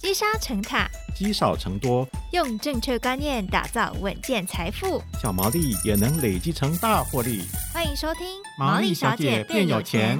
積沙成塔，積少成多，用正確觀念打造穩健財富。小毛利也能累積成大獲利。歡迎收聽毛《毛利小姐變有錢》。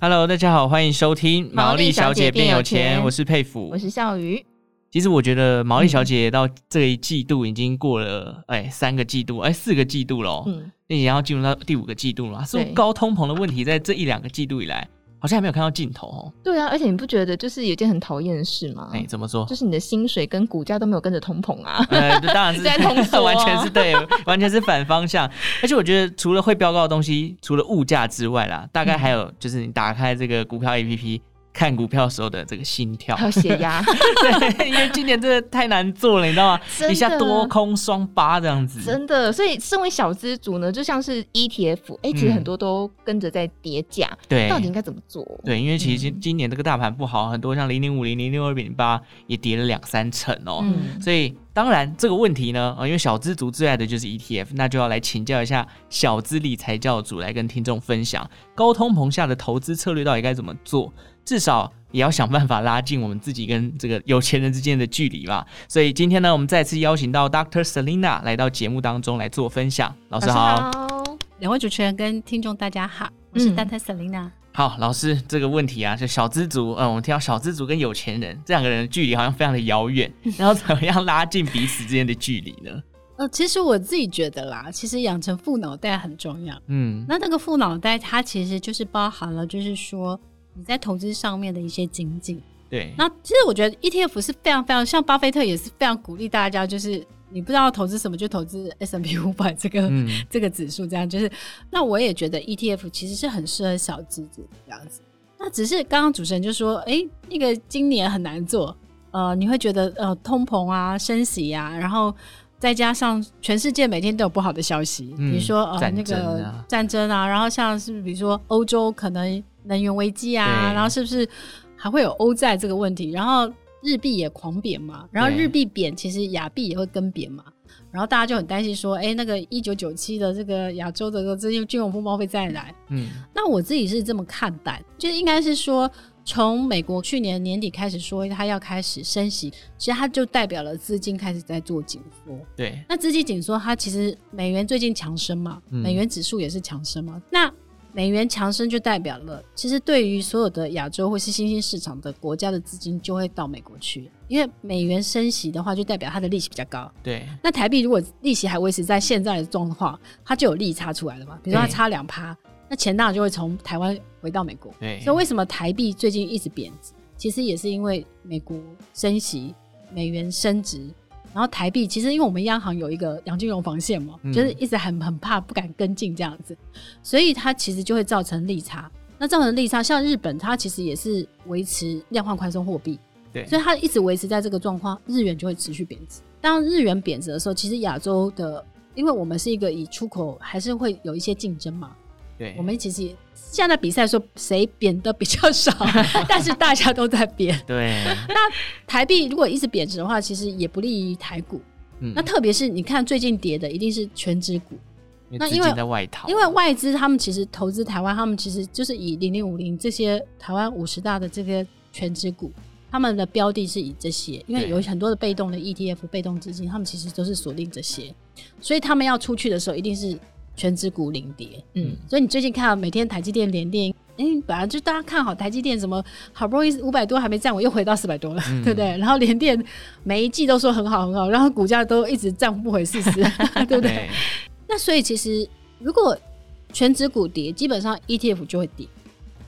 Hello，大家好，歡迎收聽《毛利小姐變有錢》。錢，我是沛甫，我是孝瑜。其實我覺得毛利小姐到這一季度已經過了、嗯、哎三個季度哎四個季度嘍。嗯。已經要進入到第五個季度了、啊，所以高通膨的問題在這一兩個季度以來，好像還沒有看到盡頭哦。對啊，而且你不覺得就是有件很討厭的事嗎？哎、欸，怎麼說？就是你的薪水跟股價都沒有跟着通膨啊。呃，當然是在通、啊、 完全是對，完全是反方向。 而且我覺得除了會飆高的東西，除了物價之外啦，大概還有就是你打開這個股票 APP、嗯。看股票的時候的這個心跳還有血壓， 對，因為今年真的太難做了， 你知道嗎？一下多空雙八這樣子，真的。所以，身為小資族呢，就像是 ETF，哎、欸，其實很多都跟着在跌價，對、嗯，到底應該怎麼做？對，因為其實今今年這個大盤不好，嗯、很多像零零五零、零零六二零八也跌了兩三成哦。嗯、所以當然這個問題呢，啊、呃，因為小資族最愛的就是 ETF，那就要來請教一下小資理財教主來跟聽眾分享高通膨下的投資策略到底該怎麼做。至少也要想辦法拉近我們自己跟這個有錢人之間的距離吧。所以今天呢，我們再次邀請到 Dr. Selena 來到節目當中來做分享。老師好，兩位主持人跟聽眾大家好，我是 Dr. Selena、嗯。好，老師這個問題啊，是小資族。嗯，我們聽到小資族跟有錢人這兩個人的距離好像非常的遙遠， 然後怎麼樣拉近彼此之間的距離呢？呃，其實我自己覺得啦，其實養成富腦袋很重要。嗯，那這個富腦袋它其實就是包含了，就是說。你在投資上面的一些經濟，對，那其實我覺得 ETF 是非常非常像巴菲特也是非常鼓勵大家，就是你不知道投資什麼就投資 S&P 500這個、嗯、這個指數，這樣就是。那我也覺得 ETF 其實是很適合小資族這樣子。那只是剛剛主持人就說，哎、欸，那個今年很難做，呃，你會覺得呃通膨啊、升息呀、啊，然後。再加上全世界每天都有不好的消息，嗯、比如說呃、啊、那個戰爭啊，然後像是比如說歐洲可能能源危機啊，然後是不是還會有歐債這個問題？然後日幣也狂貶嘛，然後日幣貶，其實亞幣也會跟貶嘛，然後大家就很擔心說，哎、欸，那個一九九七的這個亞洲的這些金融風暴會再來。嗯，那我自己是這麼看待，就是應該是說。從美國去年年底開始說它要開始升息，其實它就代表了資金開始在做緊縮。對，那資金緊縮，它其實美元最近強升嘛，美元指數也是強升嘛、嗯。那美元強升就代表了，其實對於所有的亞洲或是新興市場的國家的資金就會到美國去，因為美元升息的話，就代表它的利息比較高。對，那台幣如果利息還維持在現在的狀況，它就有利差出來了嘛。比如說它差兩趴。那錢大就會從台灣回到美國，對，所以為什麼台幣最近一直貶值？其實也是因為美國升息，美元升值，然後台幣其實因為我們央行有一個楊金融防線嘛，就是一直很很怕不敢跟進這樣子、嗯，所以它其實就會造成利差。那造成利差，像日本它其實也是維持量化寬鬆貨幣，對，所以它一直維持在這個狀況，日元就會持續貶值。當日元貶值的時候，其實亞洲的，因為我們是一個以出口還是會有一些競爭嘛。我們一起去現在比賽說誰貶的誰扁得比較少， 但是大家都在貶。 對，那台幣如果一直貶值的話，其實也不利於台股。嗯，那特別是你看最近跌的一定是權值股，資金在。那因為外逃，因為外資他們其實投資台灣，他們其實就是以零零五零這些台灣五十大的這些權值股，他們的標的是以這些，因為有很多的被動的 ETF、被動資金，他們其實都是鎖定這些，所以他們要出去的時候一定是。權值股領跌嗯，嗯，所以你最近看每天台積電、聯電，嗯、欸，本來就大家看好台積電，什麼好不容易五百多還沒站穩，我又回到四百多了，嗯、 對不對,對？然後聯電每一季都說很好很好，然後股價都一直漲不回四十， 對不對、欸？那所以其實如果權值股跌，基本上 ETF 就會跌，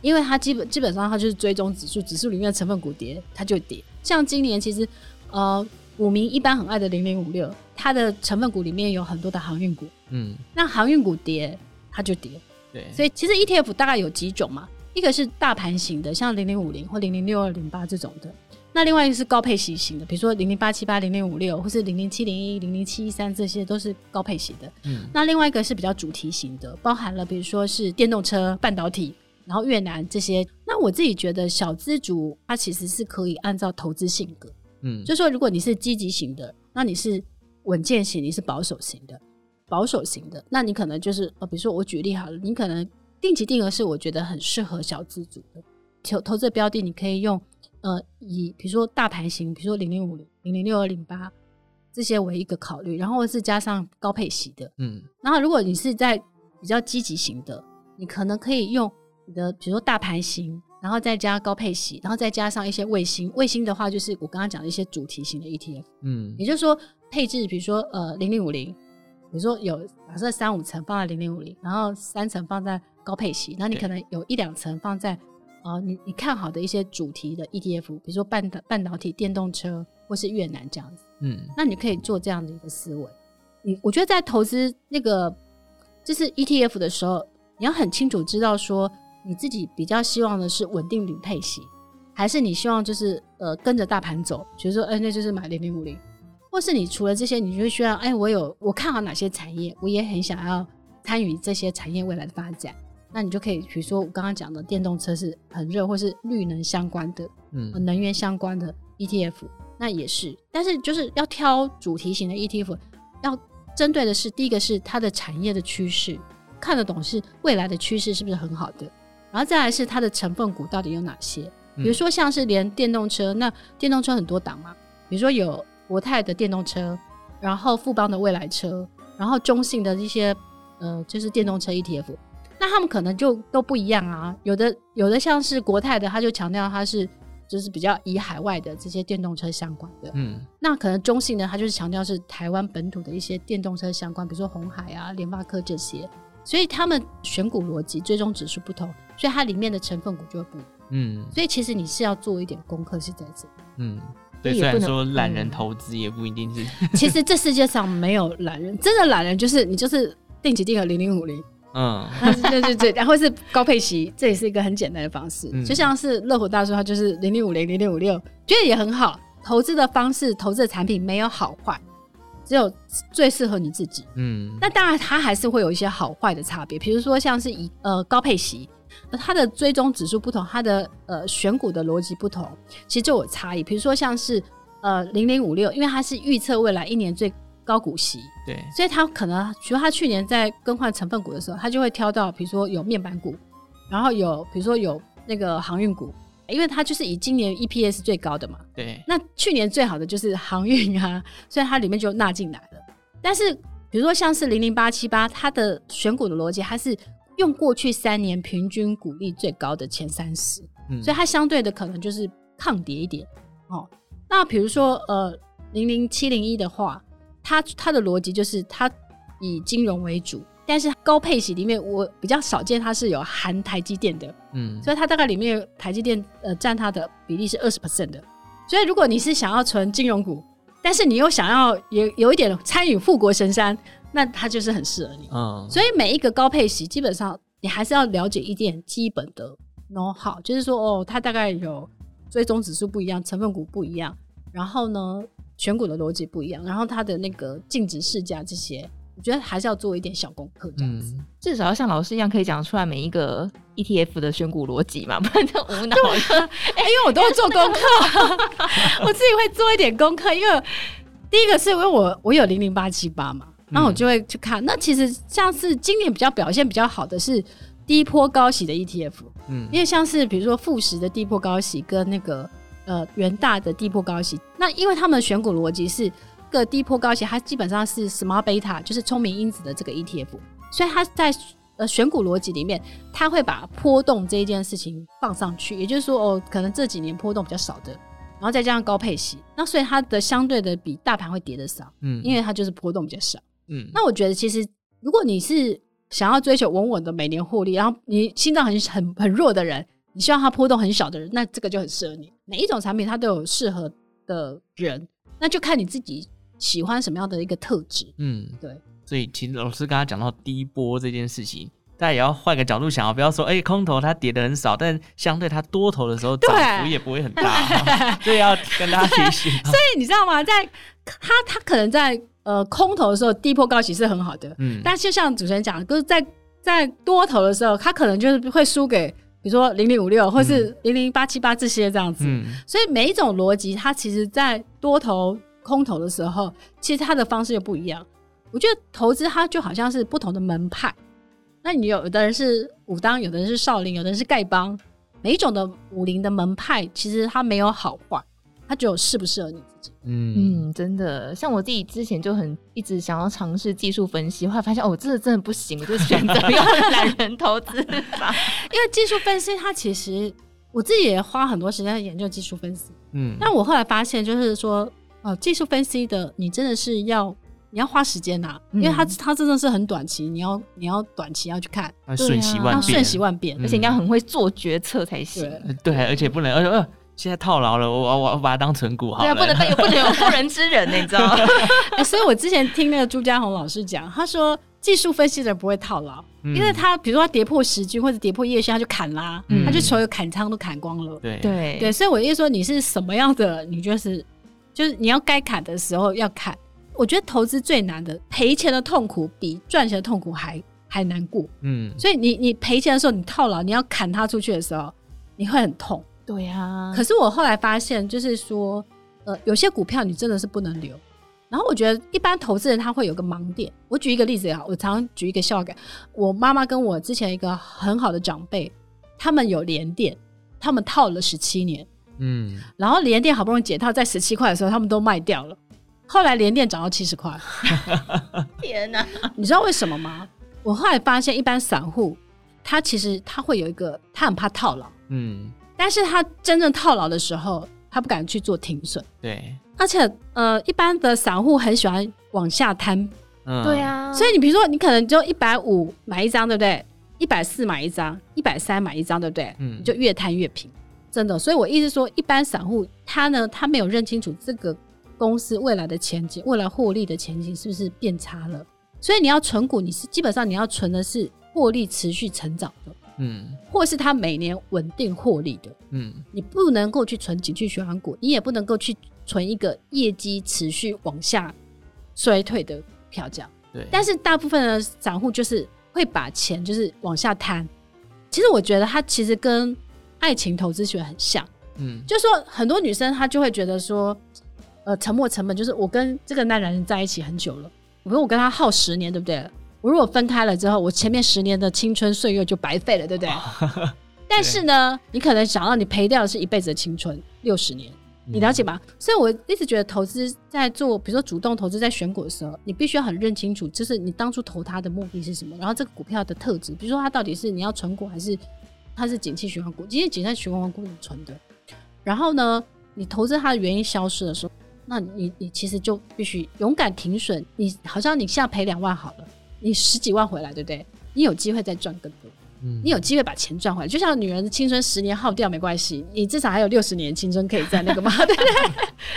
因為它基本基本上它就是追蹤指數，指數裡面的成分股跌，它就會跌。像今年其實呃股民一般很愛的零零五六，它的成分股裡面有很多的航運股。嗯，那航運股跌，它就跌。對，所以其實 ETF 大概有幾種嘛，一個是大盤型的，像零零五零或零零六二零八這種的。那另外一個是高配息型的，比如說零零八七八、零零五六或是零零七零一、零零七一三，這些都是高配息的。嗯，那另外一個是比較主題型的，包含了比如說是電動車、半導體，然後越南這些。那我自己覺得小資族，它其實是可以按照投資性格，嗯，就是說如果你是積極型的，那你是穩健型，你是保守型的。保守型的，那你可能就是、呃、比如說我舉例好了，你可能定期定額是我覺得很適合小資族的投投資標的，你可以用呃以比如說大盤型，比如說零零五零、零零六二零八這些為一個考慮，然後是加上高配息的，嗯，然後如果你是在比較積極型的，你可能可以用你的比如說大盤型，然後再加高配息，然後再加上一些衛星，衛星的話就是我剛剛講的一些主題型的 ETF，嗯，也就是說配置比如說呃零零五零。0050。比如說有假設三五層放在零零五零，然後三層放在高配息，那你可能有一兩層放在，你你看好的一些主題的 ETF，比如說半導半導體、電動車或是越南這樣子。嗯，那你可以做這樣的一個思維。你我覺得在投資那個就是 ETF 的時候，你要很清楚知道說你自己比較希望的是穩定領配息，還是你希望就是呃跟着大盤走，比如說，欸，那就是買零零五零。或是你除了這些，你就需要，哎，欸，我有我看好哪些產業，我也很想要參與這些產業未來的發展，那你就可以，比如說我剛剛講的電動車是很熱，或是綠能相關的，嗯，能源相關的 ETF，嗯，那也是，但是就是要挑主題型的 ETF，要針對的是第一個是它的產業的趨勢看得懂是未來的趨勢是不是很好的，然後再來是它的成分股到底有哪些，比如說像是連電動車，那電動車很多檔嘛，比如說有。國泰的電動車，然後富邦的未來車，然後中信的一些，呃，就是電動車 ETF，那他們可能就都不一樣啊。有的有的像是國泰的，他就強調他是就是比較以海外的這些電動車相關的，嗯。那可能中信的他就是強調是台灣本土的一些電動車相關，比如說鴻海啊、聯發科這些。所以他們選股邏輯、最終指數不同，所以它裡面的成分股就不，嗯。所以其實你是要做一點功課是在這嗯。對，雖然說懶人投資，嗯、也不一定是，其實這世界上沒有懶人，真的懶人就是你就是定期定額零零五零，嗯，對對對，然後是高配息， 這也是一個很簡單的方式，就、嗯、像是樂虎大叔，他就是零零五零零零五六，覺得也很好。投資的方式，投資的產品沒有好壞，只有最適合你自己。嗯，那當然它還是會有一些好壞的差別，比如說像是以呃高配息。而它的追蹤指數不同，它的呃選股的邏輯不同，其實就有差異。比如說像是呃0056，因為它是預測未來一年最高股息，對，所以它可能，比如說它去年在更換成分股的時候，它就會挑到比如說有面板股，然後有比如說有那個航運股，因為它就是以今年 EPS 最高的嘛，對。那去年最好的就是航運啊，所以它裡面就納進來了。但是比如說像是零零八七八，它的選股的邏輯它是。用過去三年平均股利最高的前三十，嗯，所以它相對的可能就是抗跌一點。哦，那比如說呃零零七零一的話，它它的邏輯就是它以金融為主，但是高配息裡面我比較少見，它是有含台積電的，嗯，所以它大概裡面台積電呃占它的比例是二十 percent 的。所以如果你是想要存金融股，但是你又想要有有一點參與護國神山，那它就是很適合你，嗯，所以每一個高配息基本上你還是要了解一點基本的 know how，就是說哦，它大概有追蹤指數不一樣，成分股不一樣，然後呢選股的邏輯不一樣，然後它的那個淨值市價這些，我覺得還是要做一點小功課，這樣子。嗯、至少要像老師一樣可以講出來每一個 ETF 的選股邏輯嘛，不然就無腦，哎、 欸，因為我都會做功課，欸、 我自己會做一點功課，因為第一個是因為我我有零零八七八嘛。嗯、那我就會去看。那其實像是今年比較表現比較好的是低波高息的 ETF，嗯，因為像是比如說富時的低波高息跟那個呃元大的低波高息，那因為他們的選股邏輯是、這個低波高息，它基本上是 smart beta，就是聰明因子的這個 ETF，所以它在呃選股邏輯裡面，它會把波動這一件事情放上去，也就是說哦，可能這幾年波動比較少的，然後再加上高配息，那所以它的相對的比大盤會跌得少，嗯，因為它就是波動比較少。嗯，那我覺得其實，如果你是想要追求穩穩的每年獲利，然後你心臟很很很弱的人，你希望它波動很小的人，那這個就很適合你。哪一種產品它都有適合的人，那就看你自己喜歡什麼樣的一個特質。嗯，對。所以其實老師剛才講到低波這件事情，大家也要換個角度想啊，不要說哎、欸，空頭它跌的很少，但相對它多頭的時候漲幅也不會很大， 所以要跟大家提醒。所以你知道嗎？在它它可能在。呃，空頭的時候低波高息是很好的，嗯，但就像主持人講的，就是在在多頭的時候，他可能就是會輸給，比如說0056或是00878這些這樣子，嗯嗯，所以每一種邏輯，它其實在多頭、空頭的時候，其實它的方式又不一樣。我覺得投資它就好像是不同的門派，那你有的人是武當，有的人是少林，有的人是丐幫，每一種的武林的門派，其實它沒有好壞。他只有適不適合你自己。嗯嗯，真的，像我自己之前就很一直想要嘗試技術分析，後來發現哦，我真的真的不行，我就選擇要懶人投資 因為技術分析，它其實我自己也花很多時間研究技術分析。嗯，但我後來發現，就是說，哦、呃，技術分析的你真的是要你要花時間吶、嗯，因為它它真的是很短期，你要你要短期要去看，瞬息萬變，瞬息萬變，啊萬變嗯、而且你要很會做決策才行。對，對而且不能，而且二呃。啊現在套牢了，我我我把它當成股好對，啊，不，能不能有不能有婦人之仁，人，欸， 你知道， 欸。所以我之前聽那個朱家宏老師講，他說技術分析者不會套牢，嗯，因為他比如說他跌破十均或者跌破夜線，他就砍啦，嗯，他就所有砍倉都砍光了。對對對，所以我意思說，你是什麼樣的，你就是就是你要該砍的時候要砍。我覺得投資最難的，賠錢的痛苦比賺錢的痛苦還還難過。嗯，所以你你賠錢的時候，你套牢，你要砍它出去的時候，你會很痛。對呀、啊，可是我後來發現，就是說，呃，有些股票你真的是不能留。然後我覺得，一般投資人他會有個盲點。我舉一個例子也好，我常舉一個笑梗。我媽媽跟我之前一個很好的長輩，他們有聯電，他們套了十七年，嗯，然後聯電好不容易解套，在十七塊的時候，他們都賣掉了。後來聯電漲到七十塊， 天哪！你知道為什麼嗎？我後來發現，一般散戶他其實他會有一個，他很怕套牢，嗯。但是他真正套牢的時候，他不敢去做停損。對，而且呃，一般的散戶很喜歡往下攤。嗯，對啊。所以你比如說，你可能就一百五買一張，對不對？一百四買一張，一百三買一張，對不對？嗯，你就越攤越平，真的。所以我意思說，一般散戶他呢，他沒有認清楚這個公司未來的前景，未來獲利的前景是不是變差了？所以你要存股，你是基本上你要存的是獲利持續成長的。嗯，或是他每年穩定獲利的，嗯，你不能夠去存景氣循環股，你也不能夠去存一個業績持續往下衰退的票價。對，但是大部分的散戶就是會把錢就是往下攤。其實我覺得他其實跟愛情投資學很像，嗯，就說很多女生她就會覺得說，呃，沉沒成本就是我跟這個男人在一起很久了，我說我跟他耗十年，對不對？我如果分開了之後，我前面十年的青春歲月就白費了，對不對？Oh. 但是呢，你可能想要你賠掉的是一輩子的青春，六十年，你了解嗎、嗯？所以我一直覺得投資在做，比如說主動投資在選股的時候，你必須要很認清楚，就是你當初投它的目的是什麼，然後這個股票的特質，比如說它到底是你要存股還是它是景氣循環股，因為景氣循環股你存的。然後呢，你投資它的原因消失的時候，那你你其實就必須勇敢停損，你好像你現在賠兩萬好了。你十幾萬回來，對不對？你有機會再賺更多，嗯，你有機會把錢賺回來。就像女人的青春十年耗掉沒關係，你至少還有六十年青春可以再那個嘛， 對不對，對？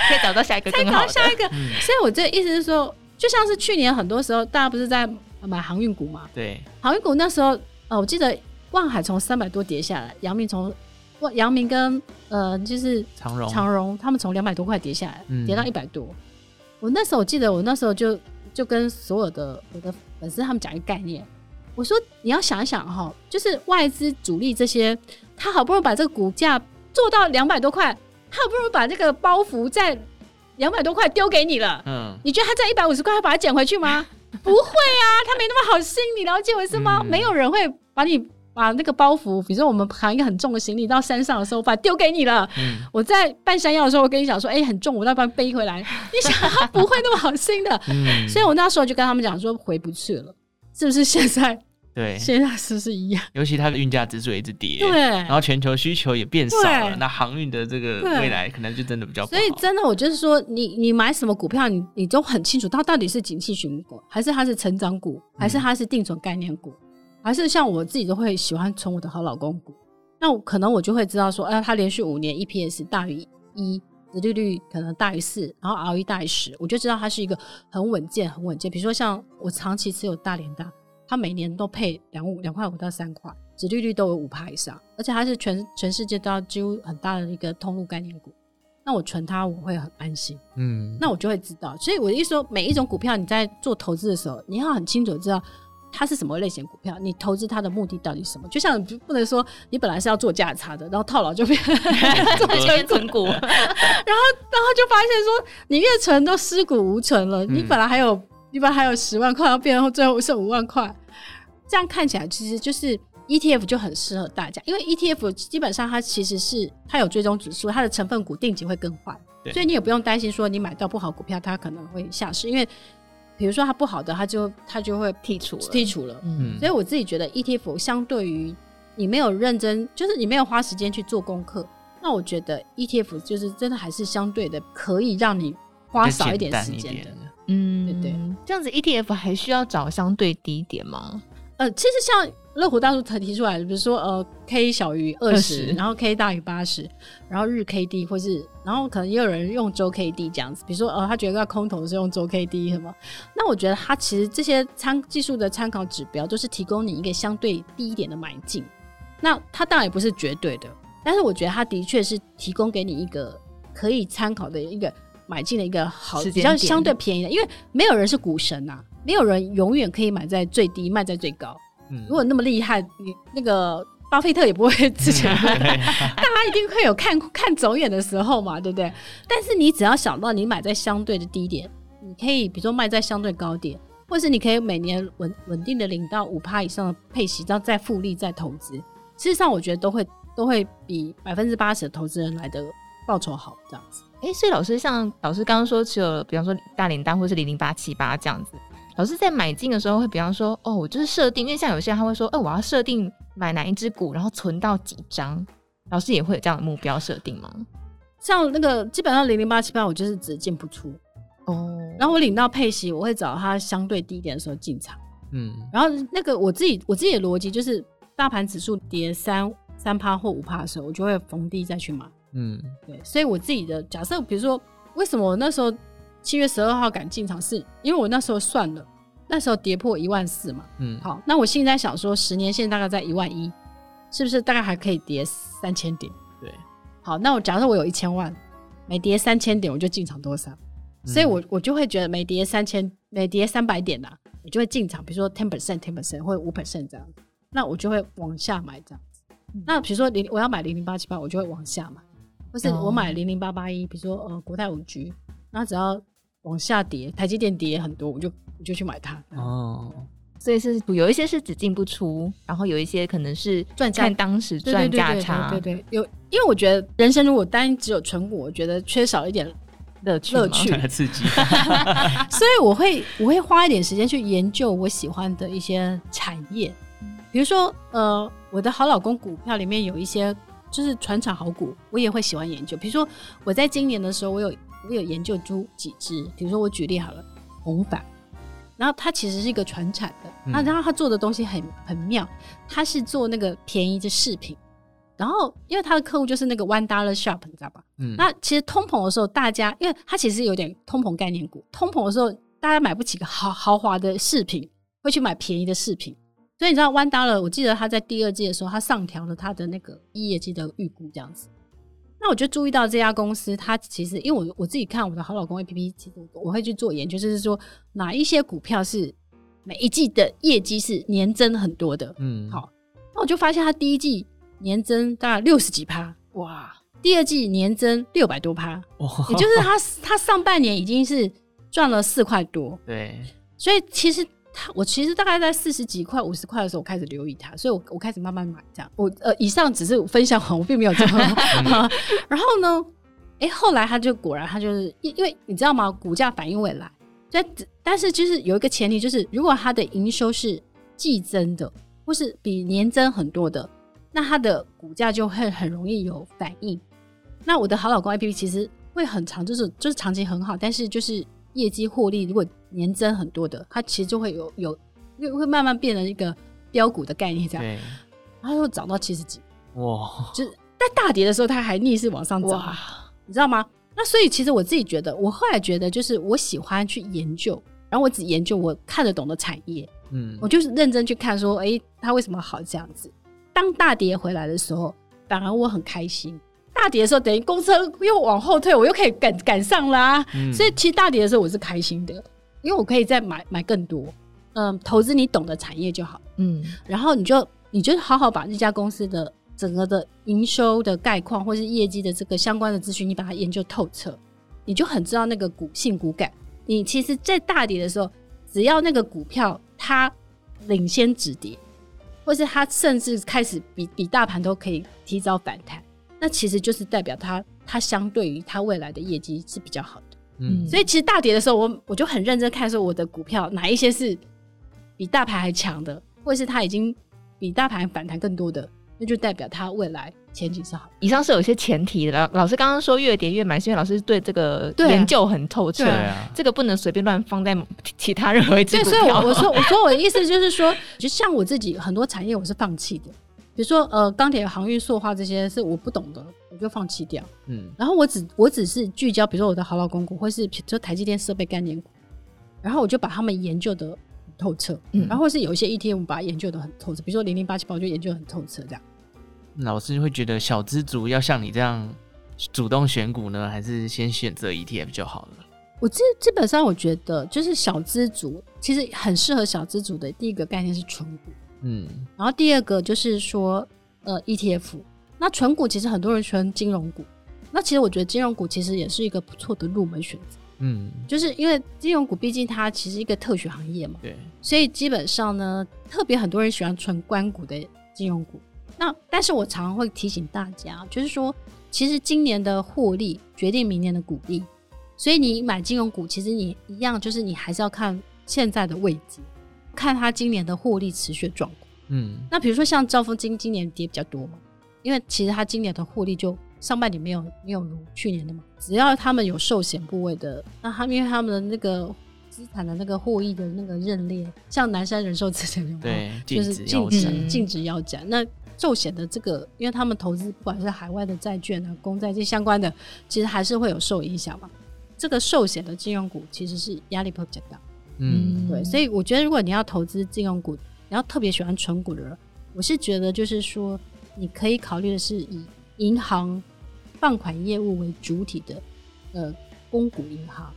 可以找到下一個更好的，下一個、嗯！所以我這意思是說，就像是去年很多時候大家不是在買航運股嘛？對。航運股那時候，呃，我記得萬海從三百多跌下來，陽明從萬陽明跟呃就是長榮長榮他們從兩百多塊跌下來，跌到一百多、嗯。我那時候我記得我那時候就。就跟所有的我的粉絲他們講一個概念，我說你要想一想哈，就是外資主力這些，他好不容易把這個股價做到兩百多塊，他好不容易把這個包袱在兩百多塊丟給你了，嗯，你覺得他在一百五十塊會把它撿回去嗎？不會啊，他沒那麼好心，你了解我意思嗎？沒有人會把你。把那個包袱，比如說我們扛一個很重的行李到山上的時候，我把它丟給你了。嗯、我在半山腰的時候，我跟你講說，哎、欸，很重，我再把它背回來。 你想，不會那麼好心的。嗯、所以，我那時候就跟他們講說，回不去了。是不是現在？對，現在是不是一樣？尤其它的運價指數也一直跌，對。然後全球需求也變少了，那航運的這個未來可能就真的比較不好。所以，真的我，我就是說，你你買什麼股票你，你你都很清楚，它到底是景氣循環股，還是它是成長股，還是它是定存概念股。嗯還是像我自己都會喜歡存我的好老公股，那我可能我就會知道說，哎、啊，他連續五年 EPS 大於一，殖利率可能大於四，然後 ROE 大於十，我就知道它是一個很穩健、很穩健。比如說像我長期持有大聯大，它每年都配兩、兩塊五到三塊，殖利率都有五趴以上，而且它是全全世界都要幾乎很大的一個通路概念股，那我存它我會很安心。嗯，那我就會知道，所以我的意思說每一種股票你在做投資的時候，你要很清楚知道。它是什麼類型股票？你投資它的目的到底是什麼？就像不能說你本來是要做價差的，然後套牢就變了 成存股， 然後然後就發現說你越存都屍骨無存了。你本來還有，嗯、你本來還有十萬塊，然後變成最後剩五萬塊。這樣看起來，其實就是 ETF 就很適合大家，因為 ETF 基本上它其實是它有追蹤指數，它的成分股定期會更換，所以你也不用擔心說你買到不好股票，它可能會下市，因為。比如說他不好的，他就他就會剔除了，剔除了。嗯，所以我自己覺得 ETF 相對於你沒有認真，就是你沒有花時間去做功課，那我覺得 ETF 就是真的還是相對的可以讓你花少一點時間的，嗯，對不對，對？這樣子 ETF 還需要找相對低點嗎？呃，其實像樂活大叔他提出來的，比如說呃，K 小於二十，然後 K 大於八十，然後日 K D 或是，然後可能也有人用周 K D 這樣子，比如說呃，他覺得要空頭是用周 K D 什麼、嗯，那我覺得他其實這些參技術的參考指標都是提供你一個相對低一點的買進，那他當然也不是絕對的，但是我覺得他的確是提供給你一個可以參考的一個買進的一個好點點比較相對便宜的，因為沒有人是股神吶、啊。沒有人永遠可以買在最低，賣在最高。嗯、如果那麼厲害，你那個巴菲特也不會自己買。大、嗯、家 一定會有看看走眼的時候嘛，對不對？但是你只要想到你買在相對的低點，你可以比如說賣在相對高點，或是你可以每年穩穩定的領到五趴以上的配息，然後再複利再投資，事實上我覺得都會都會比百分之八十的投資人來的報酬好。這樣子，哎、欸，所以老師像老師剛剛說，只有比方說大臉單或是零零八七八這樣子。老師在買進的時候會比方說，哦，我就是設定，因為像有些人他會說，哎、欸，我要設定買哪一隻股，然後存到幾張，老師也會有這樣的目標設定嗎？像那個基本上零零八七八，我就是只進不出哦。然後我領到配息，我會找它相對低一點的時候進場。嗯。然後那個我自己我自己的邏輯就是大 3, 3，大盤指數跌三三趴或五趴的時候，我就會逢低再去買。嗯，對。所以我自己的假設，比如說，為什麼我那時候？七月十二號趕進場是，因為我那時候算了，那時候跌破一萬四嘛，嗯，好，那我現在想說，十年線大概在一萬一，是不是大概還可以跌三千點？對，好，那我假如說我有一千萬，每跌三千點我就進場多少？嗯、所以我我就會覺得每跌三千，每跌三百點的、啊、我就會進場，比如說 ten percent ten percent 或五 percent 這樣那我就會往下買這樣子。嗯、那比如說你我要買零零八七八，我就會往下買，或是我買零零八八一，比如說呃國泰五 G，那只要往下跌，台積電跌也很多，我就我就去買它。哦，所以是有一些是只進不出，然後有一些可能是賺看當時賺價差。對對，對，對，對，對，有因為我覺得人生如果單一只有存股，我覺得缺少一點樂趣樂趣，趣刺激。 所以我會我會花一點時間去研究我喜歡的一些產業，比如說呃，我的好老公股票裡面有一些就是傳產好股，我也會喜歡研究。比如說我在今年的時候，我有。我有研究出幾隻，比如說我舉例好了，弘帆，然後它其實是一個傳產的，那、嗯、然後它做的東西很很妙，它是做那個便宜的飾品，然後因為他的客戶就是那個 One Dollar Shop，你知道吧？嗯，那其實通膨的時候，大家因為他其實有點通膨概念股，通膨的時候大家買不起個豪豪華的飾品，會去買便宜的飾品，所以你知道 One Dollar，我記得他在第二季的時候，他上調了他的那個業績的預估，這樣子。那我就注意到這家公司，它其實因為我我自己看我的好老公 APP，我會去做研究，就是說哪一些股票是每一季的業績是年增很多的。嗯，好，那我就發現他第一季年增大概六十幾趴，哇！第二季年增六百多趴，哦，也就是他他上半年已經是賺了四塊多，對，所以其實。我其實大概在四十幾塊、五十塊的時候，我開始留意它，所以我我開始慢慢買這樣。我呃，以上只是分享，我並沒有這麼、 嗯啊、然後呢，哎、欸，後來他就果然，他就是因因為你知道嗎？股價反映未來，但但是就是有一個前提，就是如果它的營收是季增的，或是比年增很多的，那它的股價就會很容易有反應。那我的好老公 APP 其實會很長，就是就是長期很好，但是就是業績獲利如果。年增很多的，它其實就會有有會會慢慢變成一個飆股的概念這樣，Okay. 然後又漲到七十幾，哇、wow！就是在大跌的時候，它還逆勢往上漲，wow. 你知道嗎？那所以其實我自己覺得，我後來覺得就是我喜歡去研究，然後我只研究我看得懂的產業，嗯，我就是認真去看說，哎，它為什麼好這樣子？當大跌回來的時候，反而我很開心。大跌的時候等於公車又往後退，我又可以趕趕上啦。嗯，所以其實大跌的時候我是開心的。因為我可以再買買更多，嗯，投資你懂的產業就好，嗯，然後你就你就好好把這家公司的整個的營收的概況，或是業績的這個相關的資訊，你把它研究透徹，你就很知道那個股性股感。你其實在大跌的時候，只要那個股票它領先止跌，或是它甚至開始比比大盤都可以提早反彈，那其實就是代表它它相對於它未來的業績是比較好的。嗯，所以其實大跌的時候，我我就很認真看說我的股票哪一些是比大盤還強的，或者是它已經比大盤反彈更多的，那就代表它未來前景是好。以上是有些前提的。老師剛剛說越跌越買，是因為老師對這個研究很透徹、啊啊，這個不能隨便亂放在其他任何一支股票。對，所以我說我說我的意思就是說，其實 像我自己很多產業我是放棄的，比如說呃鋼鐵、航運、塑化這些是我不懂的。我就放棄掉，嗯，然後我只我只是聚焦，比如說我的好老公股，或是就台積電設備概念股，然後我就把他們研究得很透徹，嗯，然後是有一些 ETF 把它研究的很透徹，比如說零零八七八，我就研究得很透徹，這樣。老師會覺得小資族要像你這樣主動選股呢，還是先選擇 ETF 就好了？我基基本上我覺得，就是小資族其實很適合小資族的第一個概念是存股，嗯，然後第二個就是說呃 ETF。那存股其實很多人存金融股，那其實我覺得金融股其實也是一個不錯的入門選擇。嗯，就是因為金融股畢竟它其實一個特許行業嘛，對，所以基本上呢，特別很多人喜歡存官股的金融股。那但是我常常會提醒大家，就是說，其實今年的獲利決定明年的股利，所以你買金融股，其實你一樣就是你還是要看現在的位置，看他今年的獲利持續的狀況。嗯，那比如說像兆豐金今年跌比較多嘛。因為其實它今年的獲利就上半年沒有沒有如去年的嘛。只要他們有壽險部位的，那他們因為他們的那個資產的那個獲益的那個認列，像南山人壽資產有，對，就是禁止、嗯、禁止腰斬。那壽險的這個，因為他們投資不管是海外的債券啊、公債這相關的，其實還是會有受影響嘛。這個壽險的金融股其實是壓力會比較大、嗯。嗯，對。所以我覺得如果你要投資金融股，你要特別喜歡存股的人，我是覺得就是說。你可以考慮的是以銀行放款業務為主體的，呃，公股銀行，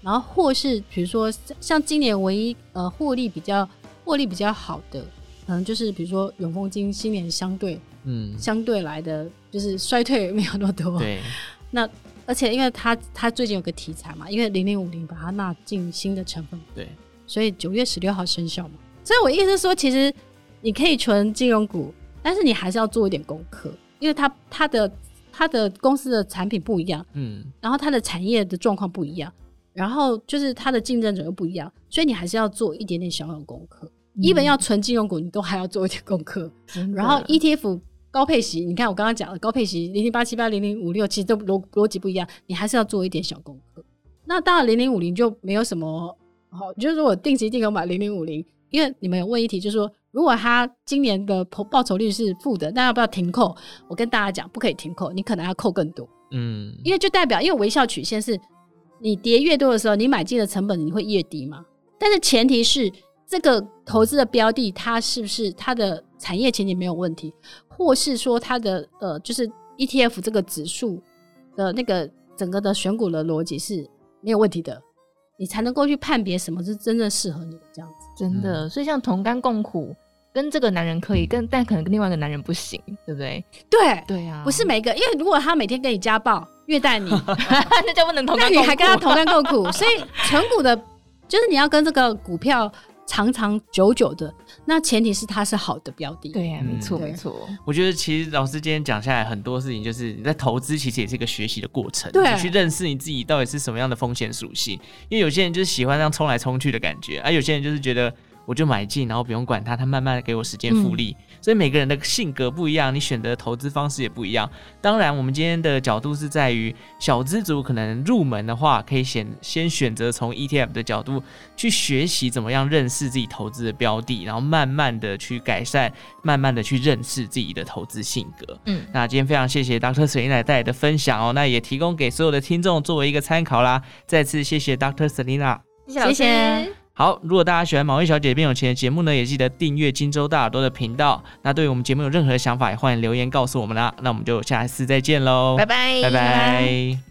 然後或是比如說像今年唯一呃獲利比較獲利比較好的，可能就是比如說永豐金，今年相對嗯相對來的就是衰退沒有那麼多，對，那而且因為它它最近有個題材嘛，因為零零五零把它納進新的成分，對，所以九月十六號生效嘛，所以我意思是說，其實你可以存金融股。但是你還是要做一點功課，因為它它的它的公司的產品不一樣，嗯，然後它的產業的狀況不一樣，然後就是它的競爭者又不一樣，所以你還是要做一點點小小的功課。一、嗯、本要存金融股，你都還要做一點功課、啊。然後 ETF 高配息，你看我剛剛講的高配息零零八七八零零五六，其實都邏邏輯不一樣，你還是要做一點小功課。那到了零零五零就沒有什麼，哦，就是如果定期定額買零零五零，因為你們有問一題，就是說。如果他今年的報報酬率是負的，那要不要停扣？我跟大家講，不可以停扣，你可能要扣更多。嗯，因為就代表，因為微笑曲線是，你跌越多的時候，你買進的成本你會越低嘛。但是前提是，這個投資的標的它是不是它的產業前景沒有問題，或是說它的呃就是 ETF 這個指數的、呃、那個整個的選股的邏輯是沒有問題的。你才能夠去判別什麼是真正適合你的這樣子，真的。所以像同甘共苦，跟這個男人可以跟、嗯，但可能跟另外一個男人不行，對不對？對，對啊，不是每個，因為如果他每天跟你家暴、虐待你， 嗯、 那就不能同甘共苦。那你還跟他同甘共苦， 所以成股的，就是你要跟這個股票。長長久久的，那前提是它是好的標的。對呀、啊，沒錯沒錯。我覺得其實老師今天講下來，很多事情就是你在投資，其實也是一個學習的過程。對，你去認識你自己到底是什麼樣的風險屬性。因為有些人就是喜歡這樣衝來衝去的感覺，而、啊、有些人就是覺得我就買進，然後不用管它，它慢慢給我時間複利。嗯所以每個人的性格不一樣，你選擇投資方式也不一樣。當然，我們今天的角度是在於小資族可能入門的話，可以選先選擇從 ETF 的角度去學習怎麼樣認識自己投資的標的，然後慢慢的去改善，慢慢的去認識自己的投資性格。嗯，那今天非常謝謝 Dr. Selena 帶來的分享哦，那也提供給所有的聽眾作為一個參考啦。再次謝謝 Dr. Selena，謝謝。好，如果大家喜歡《毛利小姐變有錢》的節目呢，也記得訂閱荊州大耳朵的頻道。那對於我們節目有任何想法，也歡迎留言告訴我們啦。那我們就下一次再見嘍，拜拜，拜拜。拜拜。